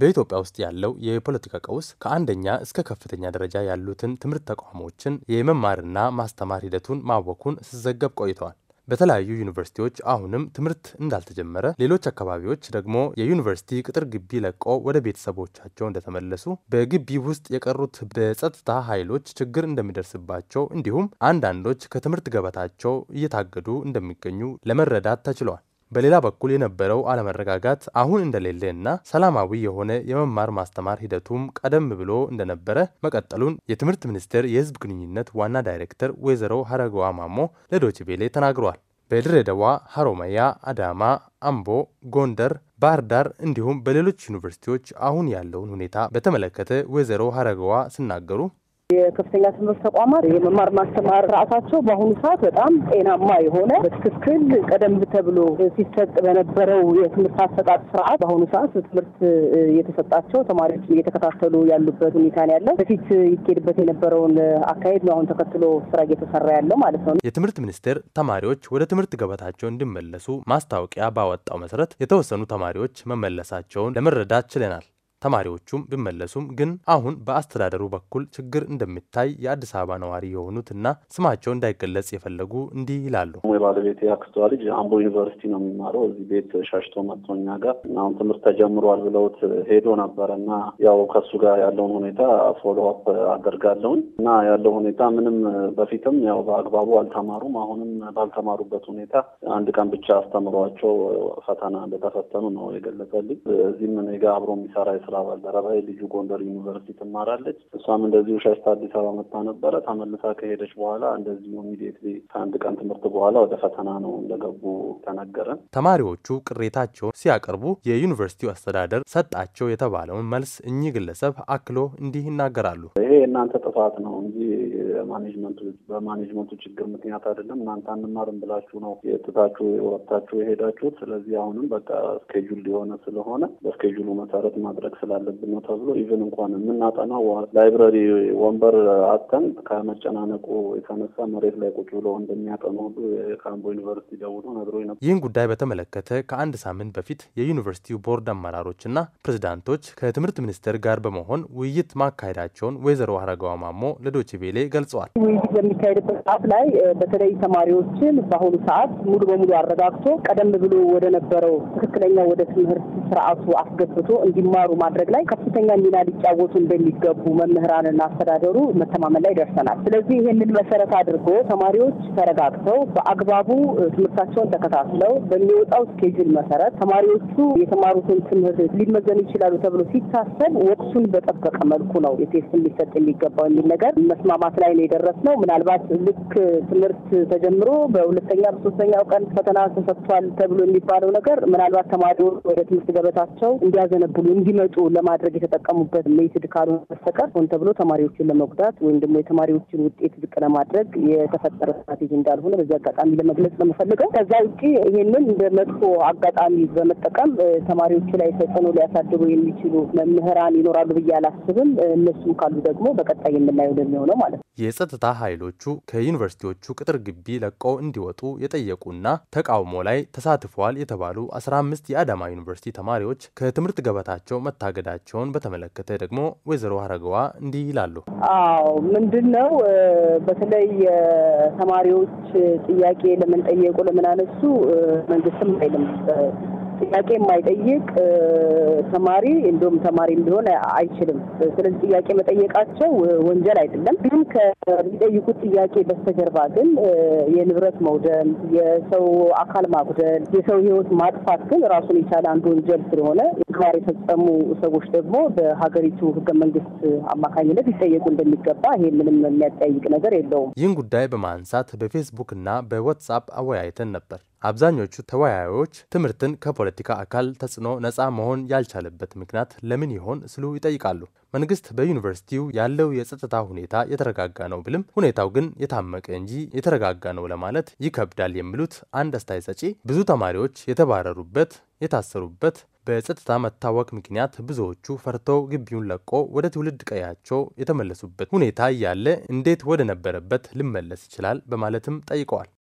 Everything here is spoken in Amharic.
በኢትዮጵያ ውስጥ ያለው የፖለቲካ ቀውስ ከአንደኛ እስከ ከፍተኛ ደረጃ ያሉትን ትምህርት ተቋሞችን የመማርና ማስተማር ሂደቱን ማወኩን ስዘገብ ቆይተዋል። በተለያዩ ዩኒቨርሲቲዎች አሁንም ትምህርት እንዳልተጀመረ፣ ሌሎች አካባቢዎች ደግሞ የዩኒቨርሲቲ ቅጥር ግቢ ለቆ ወደ ቤተሰቦቻቸው እንደተመለሱ፣ በግቢ ውስጥ የቀሩት በጸጥታ ኃይሎች ችግር እንደሚደርስባቸው እንዲሁም አንዳንዶች ከትምህርት ገበታቸው እየታገዱ እንደሚገኙ ለመረዳት ተችሏል። በሌላ በኩል የነበረው አለመረጋጋት አሁን እንደሌለ እና ሰላማዊ የሆነ የመማር ማስተማር ሂደቱም ቀደም ብሎ እንደነበረ መቀጠሉን የትምህርት ሚኒስቴር የሕዝብ ግንኙነት ዋና ዳይሬክተር ወይዘሮ ሀረገዋ ማሞ ለዶችቤሌ ተናግሯል። በድሬዳዋ፣ ሀሮማያ፣ አዳማ፣ አምቦ፣ ጎንደር፣ ባህር ዳር እንዲሁም በሌሎች ዩኒቨርሲቲዎች አሁን ያለውን ሁኔታ በተመለከተ ወይዘሮ ሀረገዋ ሲናገሩ የከፍተኛ ትምህርት ተቋማት የመማር ማስተማር ስርዓታቸው በአሁኑ ሰዓት በጣም ጤናማ የሆነ በትክክል ቀደም ተብሎ ሲሰጥ በነበረው የትምህርት አሰጣጥ ስርዓት በአሁኑ ሰዓት ትምህርት የተሰጣቸው ተማሪዎች እየተከታተሉ ያሉበት ሁኔታ ነው ያለው። በፊት ይኬድበት የነበረውን አካሄድ ነው አሁን ተከትሎ ስራ እየተሰራ ያለው ማለት ነው። የትምህርት ሚኒስቴር ተማሪዎች ወደ ትምህርት ገበታቸው እንዲመለሱ ማስታወቂያ ባወጣው መሰረት የተወሰኑ ተማሪዎች መመለሳቸውን ለመረዳት ችለናል። ተማሪዎቹም ቢመለሱም ግን አሁን በአስተዳደሩ በኩል ችግር እንደሚታይ የአዲስ አበባ ነዋሪ የሆኑትና ስማቸው እንዳይገለጽ የፈለጉ እንዲህ ይላሉ። የባለቤቴ አክስቷ ልጅ አምቦ ዩኒቨርሲቲ ነው የሚማረው። እዚህ ቤት ሻሽቶ መጥቶ እኛ ጋር አሁን ትምህርት ተጀምሯል ብለውት ሄዶ ነበረ እና ያው ከሱ ጋር ያለውን ሁኔታ ፎሎ አፕ አደርጋለሁኝ እና ያለው ሁኔታ ምንም በፊትም ያው በአግባቡ አልተማሩም። አሁንም ባልተማሩበት ሁኔታ አንድ ቀን ብቻ አስተምሯቸው ፈተና እንደተፈተኑ ነው የገለጸልኝ። እዚህም እኔ ጋር አብሮ የሚሰራ ስራ ባልደረባዬ ልጁ ጎንደር ዩኒቨርሲቲ ትማራለች። እሷም እንደዚሁ ሸሽታ አዲስ አበባ መታ ነበረ። ተመልሳ ከሄደች በኋላ እንደዚሁ ኢሚዲየትሊ ከአንድ ቀን ትምህርት በኋላ ወደ ፈተና ነው እንደገቡ ተነገረን። ተማሪዎቹ ቅሬታቸውን ሲያቀርቡ የዩኒቨርሲቲው አስተዳደር ሰጣቸው የተባለውን መልስ እኚህ ግለሰብ አክሎ እንዲህ ይናገራሉ። ይሄ የእናንተ ጥፋት ነው እንጂ ማኔጅመንቱ በማኔጅመንቱ ችግር ምክንያት አይደለም። እናንተ አንማርም ብላችሁ ነው የትታችሁ ወጥታችሁ የሄዳችሁት። ስለዚህ አሁንም በቃ ስኬጁል የሆነ ስለሆነ በስኬጁሉ መሰረት ማድረግ ስላለብን ነው ተብሎ ኢቨን እንኳን የምናጠናው ላይብረሪ ወንበር አጥተን ከመጨናነቁ የተነሳ መሬት ላይ ቁጭ ብሎ እንደሚያጠኑ ሁሉ የካምቦ ዩኒቨርሲቲ ደውሎ ነግሮ ነበር። ይህን ጉዳይ በተመለከተ ከአንድ ሳምንት በፊት የዩኒቨርሲቲው ቦርድ አመራሮችና ፕሬዚዳንቶች ከትምህርት ሚኒስቴር ጋር በመሆን ውይይት ማካሄዳቸውን ወይዘሮ አረጋዋ ማሞ ለዶችቬሌ ገልጸዋል። ውይይት በሚካሄድበት ሰዓት ላይ በተለይ ተማሪዎችን በአሁኑ ሰዓት ሙሉ በሙሉ አረጋግቶ ቀደም ብሎ ወደ ነበረው ትክክለኛ ወደ ትምህርት ስርዓቱ አስገብቶ እንዲማሩ በማድረግ ላይ ከፍተኛ ሚና ሊጫወቱ እንደሚገቡ መምህራንና አስተዳደሩ መተማመን ላይ ደርሰናል። ስለዚህ ይህንን መሰረት አድርጎ ተማሪዎች ተረጋግተው በአግባቡ ትምህርታቸውን ተከታትለው በሚወጣው ስኬጁል መሰረት ተማሪዎቹ የተማሩትን ትምህርት ሊመዘኑ ይችላሉ ተብሎ ሲታሰብ ወቅቱን በጠበቀ መልኩ ነው የቴስት ሊሰጥ የሚገባው የሚል ነገር መስማማት ላይ ነው የደረስነው። ምናልባት ልክ ትምህርት ተጀምሮ በሁለተኛ በሶስተኛው ቀን ፈተና ተሰጥቷል ተብሎ የሚባለው ነገር ምናልባት ተማሪዎች ወደ ትምህርት ገበታቸው እንዲያዘነብሉ እንዲመጡ ለማድረግ የተጠቀሙበት ሜትድ ካልሆነ በስተቀር ሆን ተብሎ ተማሪዎችን ለመጉዳት ወይም ደግሞ የተማሪዎችን ውጤት ዝቅ ለማድረግ የተፈጠረ ስትራቴጂ እንዳልሆነ በዚህ አጋጣሚ ለመግለጽ ነው የምፈልገው። ከዛ ውጭ ይሄንን እንደ መጥፎ አጋጣሚ በመጠቀም ተማሪዎች ላይ ተጽዕኖ ሊያሳድሩ የሚችሉ መምህራን ይኖራሉ ብዬ አላስብም። እነሱም ካሉ ደግሞ በቀጣይ የምናየው የሚሆነው ማለት ነው። የጸጥታ ኃይሎቹ ከዩኒቨርሲቲዎቹ ቅጥር ግቢ ለቀው እንዲወጡ የጠየቁና ተቃውሞ ላይ ተሳትፏል የተባሉ አምስት የአዳማ ዩኒቨርሲቲ ተማሪዎች ከትምህርት ገበታቸው መታ መታገዳቸውን በተመለከተ ደግሞ ወይዘሮ አረገዋ እንዲህ ይላሉ። አዎ ምንድን ነው በተለይ የተማሪዎች ጥያቄ ለምን ጠየቁ ለምን አነሱ መንግስትም አይልም ጥያቄ የማይጠይቅ ተማሪ እንዲሁም ተማሪ ሊሆን አይችልም። ስለዚህ ጥያቄ መጠየቃቸው ወንጀል አይደለም። ግን ከሚጠይቁት ጥያቄ በስተጀርባ ግን የንብረት መውደም፣ የሰው አካል ማጉደል፣ የሰው ህይወት ማጥፋት ግን ራሱን የቻለ አንዱ ወንጀል ስለሆነ ተግባር የፈጸሙ ሰዎች ደግሞ በሀገሪቱ ህገ መንግስት አማካኝነት ሊጠየቁ እንደሚገባ ይሄ ምንም የሚያጠያይቅ ነገር የለውም። ይህን ጉዳይ በማንሳት በፌስቡክ እና በዋትስአፕ አወያይተን ነበር። አብዛኞቹ ተወያዮች ትምህርትን ከፖለቲካ አካል ተጽዕኖ ነፃ መሆን ያልቻለበት ምክንያት ለምን ይሆን ስሉ ይጠይቃሉ። መንግስት በዩኒቨርሲቲው ያለው የጸጥታ ሁኔታ የተረጋጋ ነው ብልም ሁኔታው ግን የታመቀ እንጂ የተረጋጋ ነው ለማለት ይከብዳል የሚሉት አንድ አስተያየት ሰጪ ብዙ ተማሪዎች የተባረሩበት የታሰሩበት በጸጥታ መታወክ ምክንያት ብዙዎቹ ፈርተው ግቢውን ለቆ ወደ ትውልድ ቀያቸው የተመለሱበት ሁኔታ እያለ እንዴት ወደ ነበረበት ልመለስ ይችላል? በማለትም ጠይቀዋል።